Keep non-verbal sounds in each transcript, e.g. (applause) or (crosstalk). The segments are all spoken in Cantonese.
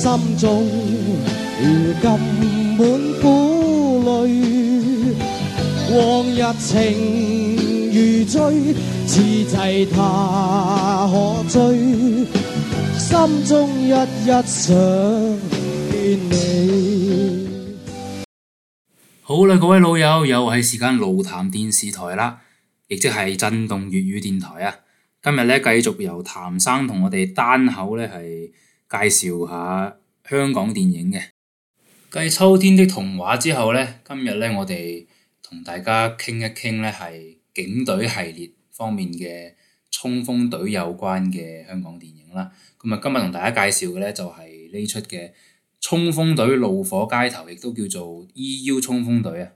心中如今滿苦淚，往日情如醉，此際他可追？心中一一想念你。好啦，各位老友，又係時間，路談電視台啦，亦即係震動粵語電台啊！今日咧，繼續由譚生同我哋單口咧係。介紹下香港電影嘅，繼《秋天的童話》之後呢，今日呢，我哋同大家傾一傾呢係警隊系列方面嘅衝鋒隊有關嘅香港電影啦。咁啊，今日同大家介紹嘅呢，就係呢齣嘅《衝鋒隊怒火街頭》，亦都叫做《E.U. 衝鋒隊》啊。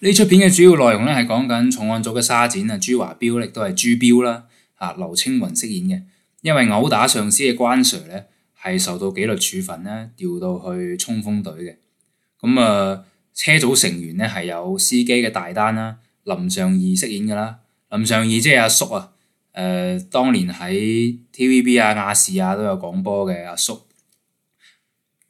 呢齣片嘅主要內容呢，係講緊重案組嘅沙展啊，朱華標亦都係朱標啦，啊劉青雲飾演嘅。因為毆打上司嘅關 Sir 咧係受到紀律處分咧，調到去衝鋒隊嘅。咁啊、呃，車組成員咧係有司機嘅大丹啦，林尚義飾演嘅啦，林尚義即係阿叔啊。誒、呃，當年喺 TVB 啊亞視啊都有講波嘅阿叔，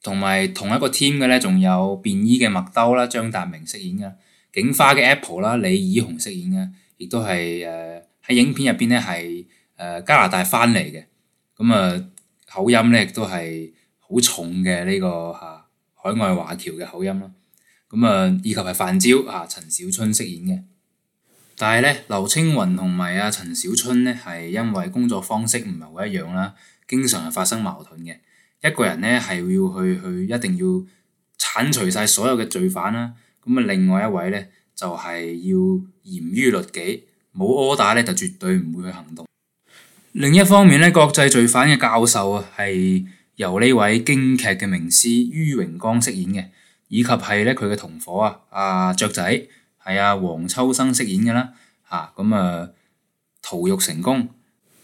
同埋同一個 team 嘅咧，仲有便衣嘅麥兜啦，張達明飾演嘅，警花嘅 Apple 啦，李綺紅飾演嘅，亦都係誒喺影片入邊咧係。誒加拿大翻嚟嘅咁啊口音咧，亦都係好重嘅呢、呢個吓、啊、海外華僑嘅口音咯。咁啊，以及係范超啊陳小春飾演嘅，但係咧，劉青雲同埋啊陳小春咧係因為工作方式唔係好一樣啦，經常係發生矛盾嘅。一個人咧係要去去一定要剷除晒所有嘅罪犯啦，咁啊，另外一位咧就係、係、要嚴於律己，冇 order 咧就絕對唔會去行動。另一方面咧，國際罪犯嘅教授啊，係由呢位京劇嘅名師于榮光飾演嘅，以及係咧佢嘅同伙啊，阿雀仔係阿黃秋生飾演嘅啦，吓咁啊逃獄、啊、成功，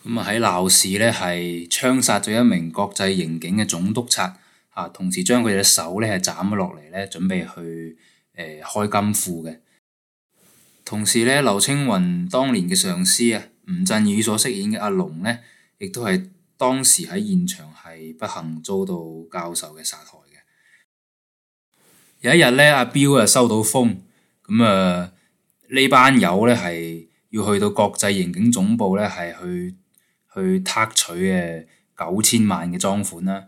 咁啊喺鬧市咧係槍殺咗一名國際刑警嘅總督察，吓、啊、同時將佢哋嘅手咧係斬咗落嚟，咧準備去誒、呃、開金庫嘅，同時咧劉青雲當年嘅上司啊。吳鎮宇所飾演嘅阿龍咧，亦都係當時喺現場係不幸遭到教授嘅殺害嘅。有一日咧，阿彪啊收到風，咁啊、呃、呢班友咧係要去到國際刑警總部咧，係去去撻取嘅九千萬嘅贓款啦。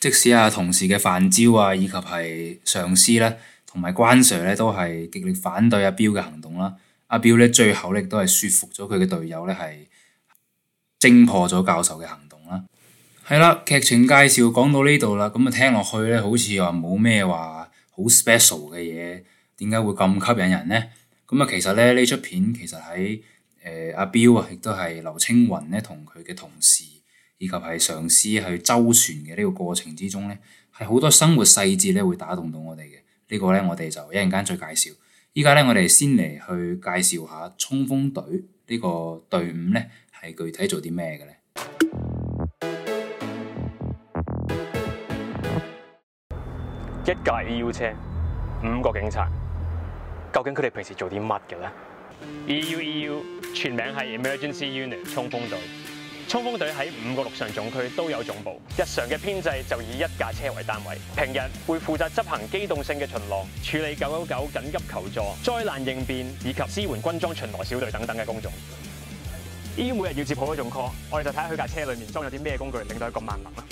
即使啊，同事嘅飯焦，啊以及係上司咧，同埋關 Sir 咧都係極力反對阿彪嘅行動啦。阿彪咧最後咧都係說服咗佢嘅隊友咧，係偵破咗教授嘅行動啦。係啦，劇情介紹講到呢度啦，咁啊聽落去咧，好似話冇咩話好 special 嘅嘢，點解會咁吸引人咧？咁啊其實咧呢出片其實喺誒、呃、阿彪啊，亦都係劉青雲咧同佢嘅同事以及係上司去周旋嘅呢個過程之中咧，係好多生活細節咧會打動到我哋嘅。這個、呢個咧我哋就一陣間再介紹。依家咧，我哋先嚟去介紹一下衝鋒隊呢、這個隊伍呢係具體做啲咩嘅呢？一架 E U 車，五個警察，究竟佢哋平時做啲乜嘅呢？EU EU 全名係 Emergency Unit 衝鋒隊。衝鋒隊喺五個陸上總區都有總部，日常嘅編制就以一架車為單位，平日會負責執行機動性嘅巡邏、處理九九九緊急求助、災難應變以及支援軍裝巡邏小隊等等嘅工作。依 (music) 每日要接好多種 call，我哋就睇下佢架車裏面裝有啲咩工具，令到佢一個萬能啦。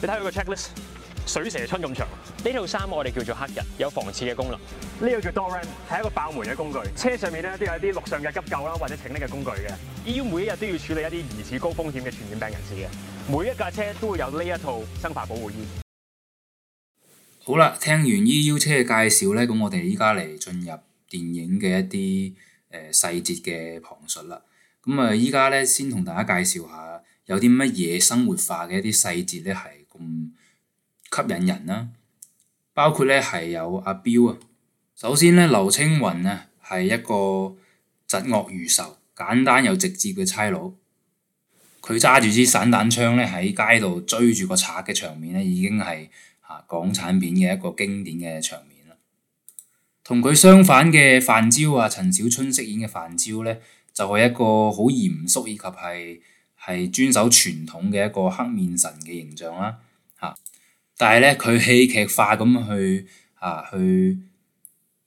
你睇佢個 checklist。水蛇春咁長，呢套衫我哋叫做黑人，有防刺嘅功能。呢個叫 Doran 係一個爆門嘅工具。車上面咧都有啲陸上嘅急救啦，或者請力嘅工具嘅。EU 每日都要處理一啲疑似高風險嘅傳染病人士嘅，每一架車都會有呢一套生化保護衣。好啦，聽完 EU 車嘅介紹咧，咁我哋依家嚟進入電影嘅一啲誒細節嘅旁述啦。咁啊，依家咧先同大家介紹下有啲乜嘢生活化嘅一啲細節咧，係咁。吸引人啦，包括咧係有阿彪啊。首先咧，劉青雲啊係一個疾惡如仇、簡單又直接嘅差佬。佢揸住支散彈槍咧喺街度追住個賊嘅場面咧，已經係嚇港產片嘅一個經典嘅場面啦。同佢相反嘅范彪啊，陳小春飾演嘅范彪咧，就係一個好嚴肅以及係係遵守傳統嘅一個黑面神嘅形象啦，嚇。但係咧，佢戲劇化咁去啊，去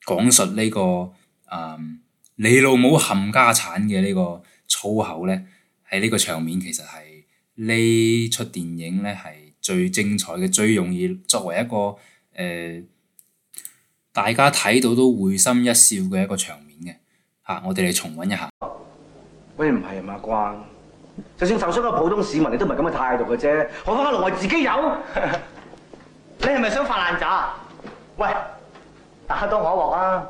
講述呢、這個啊、嗯，你老母冚家產嘅呢個粗口咧，喺呢個場面其實係呢出電影咧係最精彩嘅，最容易作為一個誒、呃，大家睇到都會心一笑嘅一個場面嘅嚇、啊，我哋嚟重溫一下。喂，唔係啊，阿光，就算受傷嘅普通市民，你都唔係咁嘅態度嘅啫，何況阿龍自己有。 (laughs) 你係咪想發爛渣？喂，打多我一鑊啊！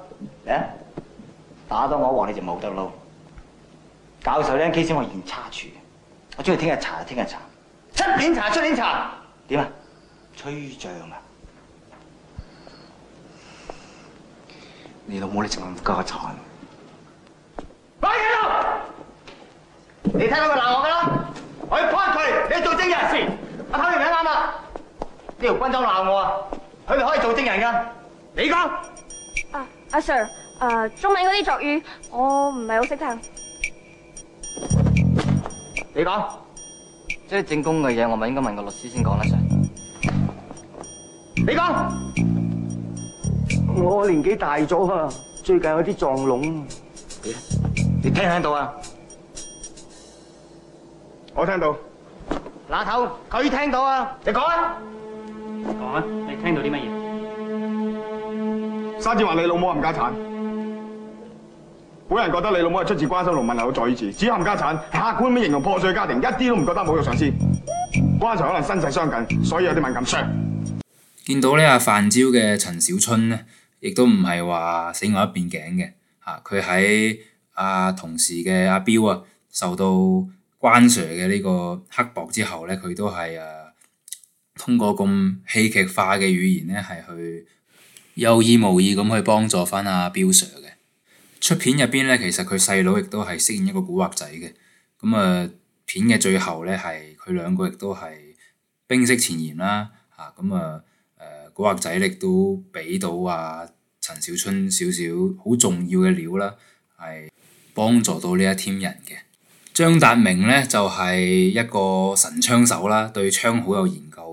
嚟打多我一鑊你就冇得撈。教授呢 n k 先我現查處，我中意聽日查聽日查，出年查出年查，點，查點，查點查啊？吹脹啊！你老母你淨咁家產。閉氣啦！你，你聽到佢鬧我噶啦，我要判佢，你做證人士，阿頭你名啱啦。呢條軍裝鬧我啊！佢哋可以做證人噶？你講啊，阿 Sir，誒，中文嗰啲作語我唔係好識聽。你講，即係正宮嘅嘢，我咪應該問個律師先講得上。你講，我年紀大咗啊，最近有啲撞聾。你你聽唔聽到啊？我聽到。哪頭佢聽到啊？你講啊！講啊，你聽到啲乜嘢？沙子話你老母冚家產，本人覺得你老母係出自關心農民意在於此，只冚家產，客觀咁形容破碎家庭，一啲都唔覺得侮辱上司。關 Sir 可能身世相近，所以有啲敏感。Sir 見到呢阿范椒嘅陳小春呢，亦都唔係話死我一邊頸嘅吓，佢喺阿同事嘅阿彪啊，受到關 Sir 嘅呢個刻薄之後咧，佢都係誒。啊通過咁戲劇化嘅語言咧，係去有意無意咁去幫助翻阿 Bill Sir 嘅出片入邊咧。其實佢細佬亦都係飾演一個古惑仔嘅咁啊。片嘅最後咧，係佢兩個亦都係冰釋前嫌啦。嚇咁啊！誒古惑仔亦都俾到阿陳小春少少好重要嘅料啦，係幫助到呢一 team 人嘅張達明咧，就係、是、一個神槍手啦，對槍好有研究。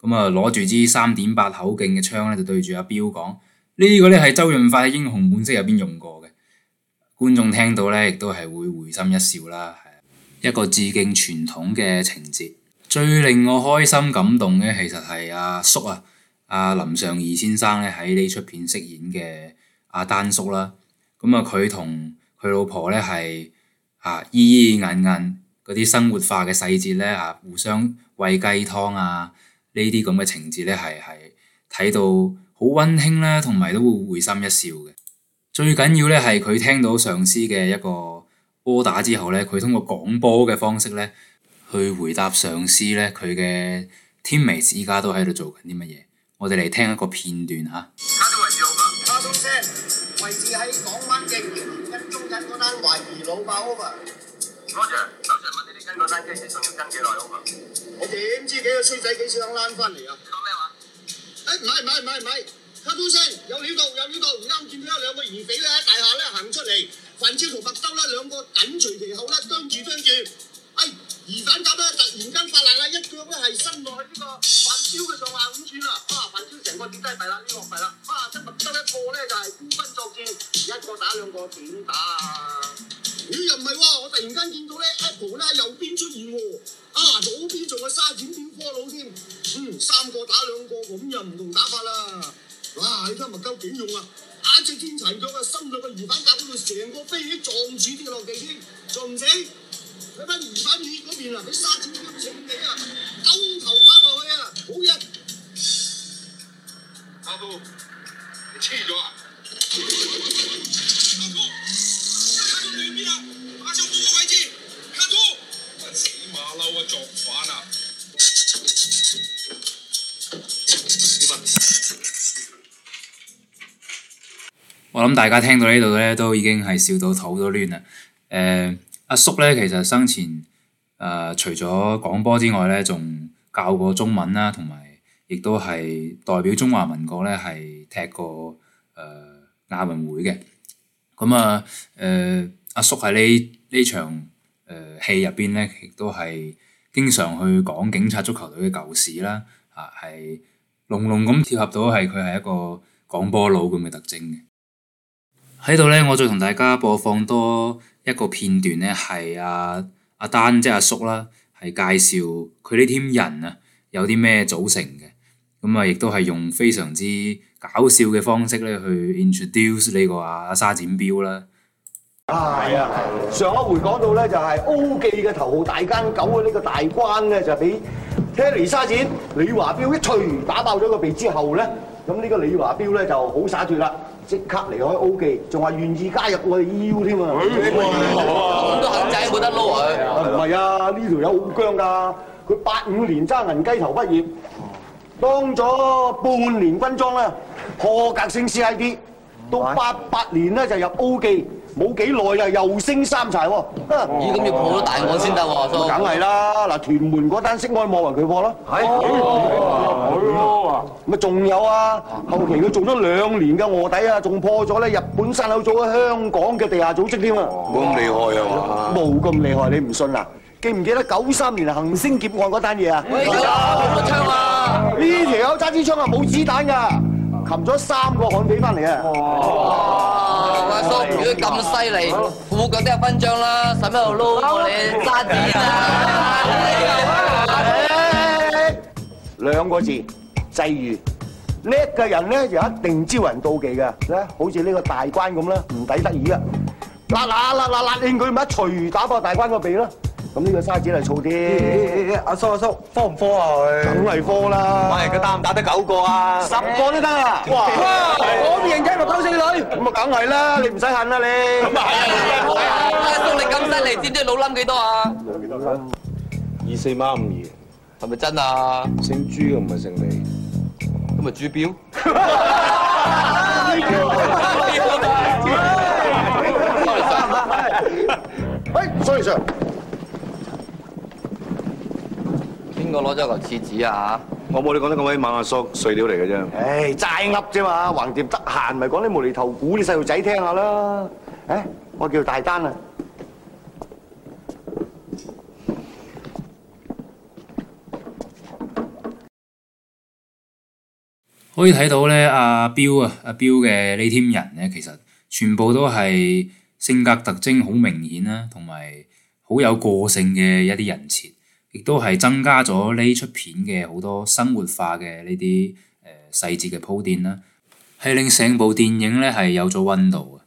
咁啊，攞住支三點八口徑嘅槍咧，就對住阿彪講：呢個咧係周潤發《英雄本色》入邊用過嘅。觀眾聽到咧，亦都係會會心一笑啦。係一個致敬傳統嘅情節。最令我開心感動嘅，其實係阿叔啊，阿、啊、林尚義先生咧喺呢出片飾演嘅阿、啊、丹叔啦。咁啊，佢同佢老婆咧係啊依依銀銀嗰啲生活化嘅細節咧啊，互相喂雞湯啊。呢啲咁嘅情節咧，係係睇到好溫馨啦，同埋都會會心一笑嘅。最緊要咧係佢聽到上司嘅一個波打之後咧，佢通過廣播嘅方式咧去回答上司咧佢嘅 teammates 依家都喺度做緊啲乜嘢。我哋嚟聽一個片段嚇。交通處好唔好？交通車位置喺港灣嘅跟中間嗰單懷疑老爆嘅。督察，督察問你哋跟嗰單車子仲要跟幾耐好幾個衰仔幾時肯攔翻嚟啊？講咩話？誒、哎，唔係唔係唔係唔係，黑中生有料到有料到，唔啱見到咧兩個疑匪咧喺大廈咧行出嚟，范超同白周咧兩個緊隨其後咧跟住跟住，哎，疑犯賊咧突然間發爛啦，一腳咧係伸落去呢個范超嘅上下五寸啦，啊，范超成個跌低弊啦，呢個弊啦，即得得一個咧就係、是、孤軍作戰，一個打兩個點打啊？咦，又唔係喎！我突然間見到咧，Apple 咧右邊出現喎，啊左邊仲有沙展刀波佬添，嗯，三個打兩個咁又唔同打法啦，哇依家咪鳩點用啊！一隻天殘腳啊，伸兩個魚板夾到佢，成個飛起撞住跌落地添，仲唔死？嗰班魚板魚嗰邊啊，俾沙展刀整你啊，兜頭拍落去啊，好嘢！Apple，你黐咗啊！我諗大家聽到呢度咧，都已經係笑到肚都攣啦。誒、呃，阿叔咧，其實生前誒、呃、除咗廣播之外咧，仲教過中文啦，同埋亦都係代表中華民國咧，係踢過誒亞運會嘅。咁、嗯、啊，誒、呃、阿叔喺、呃、呢呢場誒戲入邊咧，亦都係經常去講警察足球隊嘅舊事啦。啊、呃，係隆隆咁貼合到係佢係一個廣播佬咁嘅特徵嘅。喺度咧，我再同大家播放多一個片段咧，係阿阿丹即係阿叔啦，係介紹佢呢 team 人啊有啲咩組成嘅，咁啊亦都係用非常之搞笑嘅方式咧去 introduce 呢個阿沙展標啦。係啊，啊，上一回講到咧就係 O 記嘅頭號大奸狗嘅呢個大關咧，就俾 Terry 沙展李華標一捶打爆咗個鼻之後咧，咁呢個李華標咧就好灑脱啦。即刻離開 O 記，仲話願意加入我哋 EU 添啊！咁多肯仔冇得撈啊！唔係啊，呢條友好僵㗎，佢八五年揸銀雞頭畢業，當咗半年軍裝啦，破格升 CID。到八八年咧就入 O 記，冇幾耐啊，又升三柴喎，嚇！咦，咁要破咗大案先得喎，咁梗係啦！嗱，屯門嗰單色魔案係佢破咯，係，係咯，係咯，咪仲有啊？後期佢做咗兩年嘅臥底啊，仲破咗咧日本山口組、香港嘅地下組織添啊，冇咁厲害啊嘛，冇咁厲害，你唔信啊？記唔記得九三年行星劫案嗰單嘢啊？喂，有冇得搶啊？呢條友揸支槍啊，冇子彈㗎。冚咗三個漢俾翻嚟啊！哇，阿叔如果咁犀利，副局都有分章啦，使乜喺度撈你？兩個字，際遇。叻嘅人咧就一定招人妒忌嘅咧，好似呢個大關咁咧，唔抵得已啊！嗱嗱嗱嗱嗱，應佢咪一捶打爆大關個鼻咯！咁呢個沙子嚟燥啲，阿叔阿叔，科唔科啊佢？梗係科啦。喂，佢打唔打得九個啊？十個都得啊！哇，我唔認真，我偷四女。咁啊，梗係啦，你唔使恨啦你。咁啊係啊，阿叔你咁犀利，知唔知老冧幾多啊？老冧幾多分？二四孖五二，係咪真啊？姓朱嘅唔係姓李，咁啊朱標。係，衰場。我攞咗嚿紙紙啊！嚇，我冇你講得咁鬼馬，阿叔碎料嚟嘅啫。唉，齋噏啫嘛，橫掂得閒咪講啲無釐頭，鼓啲細路仔聽下啦。誒，我叫大丹啊。可以睇到咧，阿標啊，阿標嘅呢 team 人咧，其實全部都係性格特徵好明顯啦，同埋好有個性嘅一啲人設，亦都係增加咗呢出片嘅好多生活化嘅呢啲誒細節嘅鋪墊啦，係令成部電影咧係有咗溫度嘅。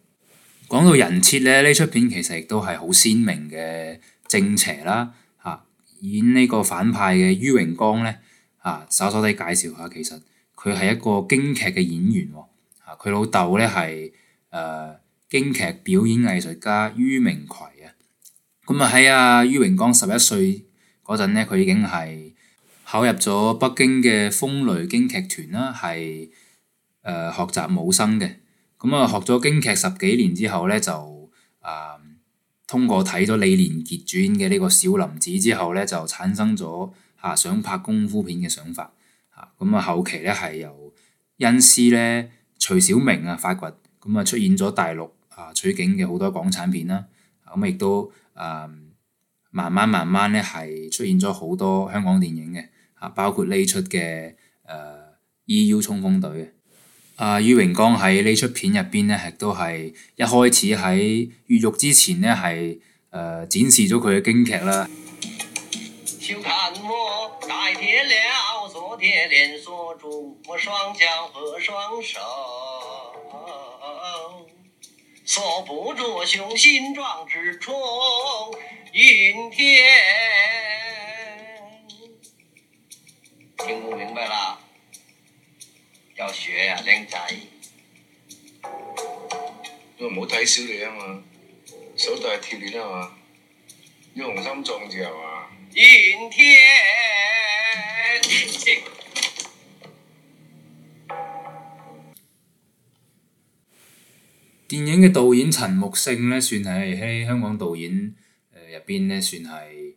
講到人設咧，呢出片其實亦都係好鮮明嘅正邪啦。嚇，演呢個反派嘅于榮光咧嚇，稍稍地介紹下，其實佢係一個京劇嘅演員喎。嚇，佢老豆咧係誒京劇表演藝術家于鳴魁啊。咁啊喺啊，于榮光十一歲。嗰陣咧，佢已經係考入咗北京嘅風雷京劇團啦，係誒、呃、學習武生嘅。咁、嗯、啊，學咗京劇十幾年之後咧，就誒、呃、通過睇咗李連杰主演嘅呢個《少林寺》之後咧，就產生咗嚇、啊、想拍功夫片嘅想法。嚇咁啊，後期咧係由恩師咧、徐小明啊發掘，咁、嗯、啊出現咗大陸啊取景嘅好多港產片啦。咁、啊、亦都誒。啊慢慢慢慢咧，係出現咗好多香港電影嘅，嚇包括呢出嘅誒、呃《EU 衝鋒隊》呃。啊，于榮光喺呢出片入邊咧，亦都係一開始喺越獄之前咧，係誒、呃、展示咗佢嘅京劇啦。鎖住我雙腳和雙手。 (music) 」鎖不住雄心壯志沖雲天，聽唔明白啦？要學啊，靚仔。唔好睇小你啊嘛，手袋係鐵鏈啊嘛，要雄心壯志啊嘛？雲天。電影嘅導演陳木勝咧，算係喺香港導演入邊咧，算係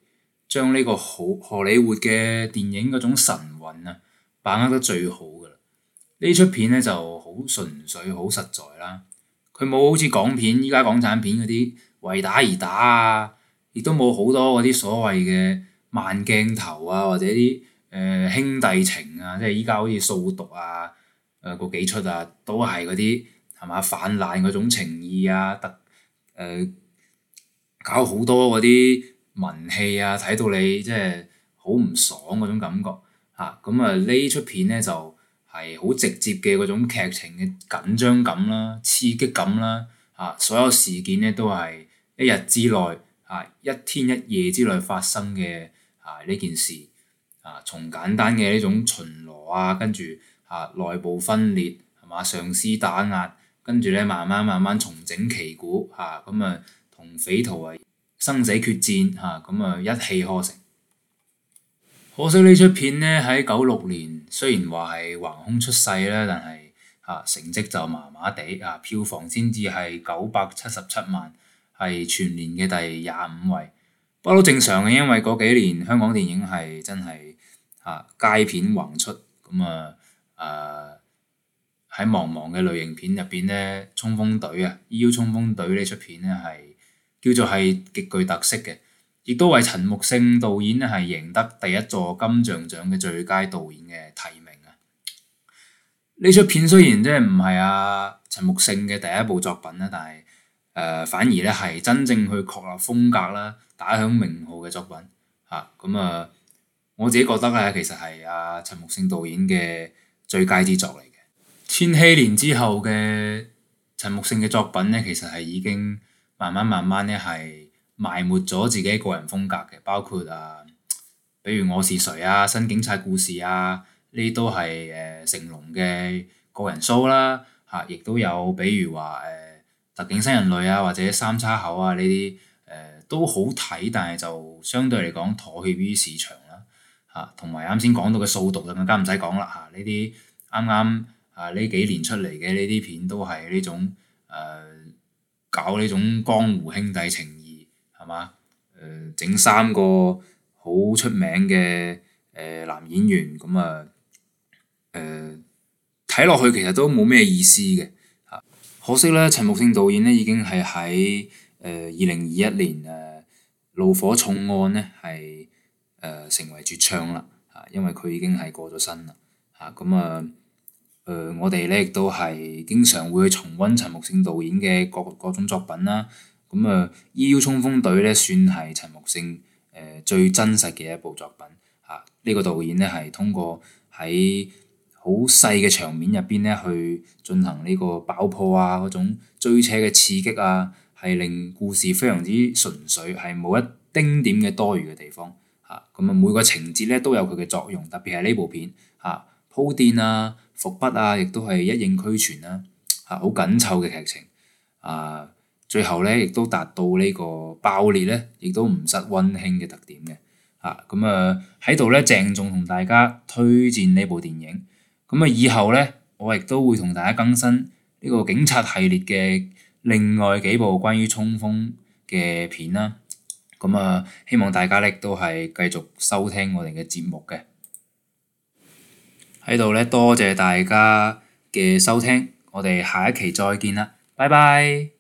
將呢個好荷里活嘅電影嗰種神韻啊，把握得最好㗎啦。呢出片咧就好純粹、好實在啦。佢冇好似港片依家港產片嗰啲為打而打啊，亦都冇好多嗰啲所謂嘅慢鏡頭啊，或者啲誒、呃、兄弟情啊，即係依家好似掃毒啊、誒、呃、嗰幾出啊，都係嗰啲。係嘛泛濫嗰種情意啊，特誒、呃、搞好多嗰啲文戲啊，睇到你即係好唔爽嗰種感覺，嚇咁啊呢出片咧就係、是、好直接嘅嗰種劇情嘅緊張感啦、刺激感啦，嚇、啊、所有事件咧都係一日之內，嚇、啊、一天一夜之內發生嘅嚇呢件事，啊從簡單嘅呢種巡邏啊，跟住嚇內部分裂係嘛上司打壓。跟住咧，慢慢慢慢重整旗鼓吓，咁啊同匪徒啊生死決戰吓，咁啊一氣呵成。可惜呢出片咧喺九六年雖然話係橫空出世咧，但係嚇、啊、成績就麻麻地啊，票房先至係九百七十七萬，係全年嘅第廿五位，不過都正常嘅，因為嗰幾年香港電影係真係嚇、啊、佳片橫出，咁啊誒。啊喺茫茫嘅類型片入邊咧，衝鋒隊啊，《EU 衝鋒隊》呢出片咧係叫做係極具特色嘅，亦都為陳木勝導演咧係贏得第一座金像獎嘅最佳導演嘅提名啊！呢出片雖然即係唔係阿陳木勝嘅第一部作品啦，但係誒、呃、反而咧係真正去確立風格啦、打響名號嘅作品嚇。咁啊、嗯，我自己覺得咧，其實係阿陳木勝導演嘅最佳之作嚟。千禧年之後嘅陳木勝嘅作品咧，其實係已經慢慢慢慢咧係埋沒咗自己個人風格嘅，包括啊，比如我是誰啊、新警察故事啊，呢啲都係誒成龍嘅個人 show 啦，嚇、啊，亦都有比如話誒特警新人類啊，或者三叉口啊呢啲誒都好睇，但係就相對嚟講妥協於市場啦、啊，嚇、啊，同埋啱先講到嘅掃毒就更加唔使講啦嚇，呢啲啱啱。啊！呢幾年出嚟嘅呢啲片都係呢種誒、呃、搞呢種江湖兄弟情義，係嘛？誒、呃、整三個好出名嘅誒、呃、男演員咁啊誒睇落去其實都冇咩意思嘅嚇、啊。可惜咧，陳木勝導演咧已經係喺誒二零二一年誒怒、啊、火重案咧係誒成為絕唱啦嚇，因為佢已經係過咗身啦嚇咁啊！啊啊誒、呃，我哋咧亦都係經常會去重温陳木勝導演嘅各各種作品啦。咁啊，《E.U. 衝鋒隊》咧算係陳木勝誒、呃、最真實嘅一部作品嚇。呢、啊呢個導演咧係通過喺好細嘅場面入邊咧去進行呢個爆破啊嗰種追車嘅刺激啊，係令故事非常之純粹，係冇一丁點嘅多餘嘅地方嚇。咁啊，啊，每個情節咧都有佢嘅作用，特別係呢部片嚇鋪墊啊。伏筆啊，亦都係一應俱全啦、啊，嚇、啊、好緊湊嘅劇情啊！最後咧，亦都達到呢個爆裂咧，亦都唔失温馨嘅特點嘅嚇、啊。咁啊喺度咧，鄭重同大家推薦呢部電影。咁啊，以後咧，我亦都會同大家更新呢個警察系列嘅另外幾部關於衝鋒嘅片啦、啊。咁啊，希望大家咧都係繼續收聽我哋嘅節目嘅。喺度呢，多謝大家嘅收聽，我哋下一期再見啦，拜拜。